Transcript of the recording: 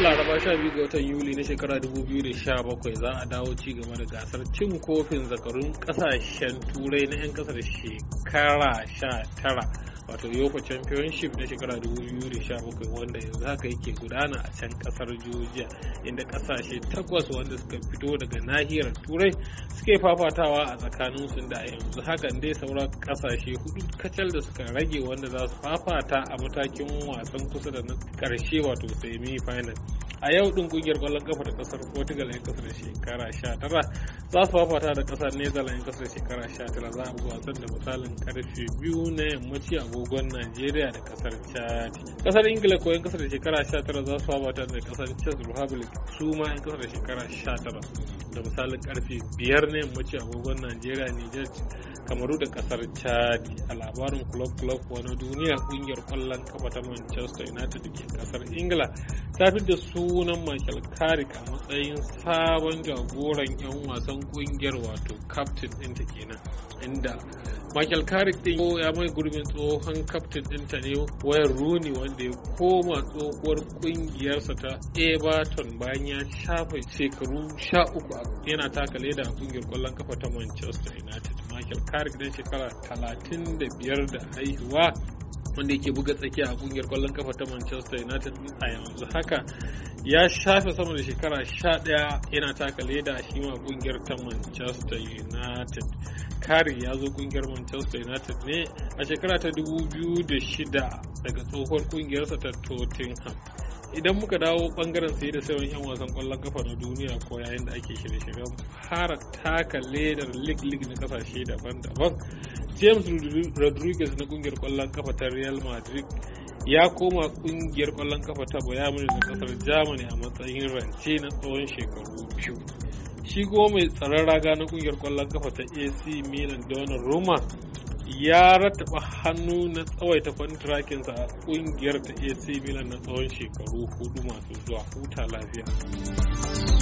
laraba 12 ga watan yuli na shekara 2017 za a dawo ci gaba da gasar cin kofin zakarun kasashen turai na 'yan kasar shekara 19 wato yoko championship na shekara 2017 wanda yanzu haka yake gudana a can kasar georgia inda kasashe takwas wanda suka fito daga nahiyar turai suke fafatawa a tsakanin su da yanzu hakan dai sauran kasashe hudu kacal da suka rage wanda za su fafata a matakin wasan kusa da na karshe wato semi final a yau din kungiyar kwallon kafa da kasar portugal yan kasar shekara 19 za su fafata da kasar netherlands yan kasar shekara 19 za a zuwa wasan da misalin karfe biyu na yammaci agogon nigeria da kasar chad kasar ingila ko yan kasar shekara 19 za su fafata da kasar czech republic su ma yan kasar shekara 19 da misalin karfe biyar na yammaci agogon nigeria niger kamaru da kasar chad a labarin club club wani duniya kungiyar kwallon kafa ta manchester united da ke kasar ingila ta fi da sunan michael carrick a matsayin sabon jagoran 'yan wasan kungiyar wato captain ta kenan inda michael carrick din ya mai gurbin tsohon captain ɗinta ne wayan rooney wanda ya koma tsohuwar kungiyarsa ta everton bayan ya shafe shekaru sha uku yana taka leda a kungiyar kwallon kafa ta manchester united Michael Carrick dan shekara talatin da biyar da haihuwa wanda yake buga tsakiya a kungiyar kwallon kafa ta Manchester United a yanzu haka ya shafe sama da shekara 11 yana taka leda shi ma kungiyar ta Manchester United. Kari ya zo kungiyar Manchester United ne a shekara ta dubu biyu da shida daga tsohuwar kungiyarsa ta Tottenham. idan muka dawo bangaren sai da sauran 'yan wasan kwallon kafa na duniya ko yayin da ake shirye-shiryen fara taka ledar lig-lig na kasashe daban-daban james rodriguez na kungiyar kwallon kafa ta real madrid ya koma kungiyar kwallon kafa ta bayamin na kasar germany a matsayin rance na tsawon shekaru biyu shi kuma mai tsaron raga na kungiyar kwallon kafa ta ac milan donald roma ya rattaba hannu na tsawaita kwantirakinsa a kungiyar ta AC Milan na tsawon shekaru hudu masu zuwa huta lafiya.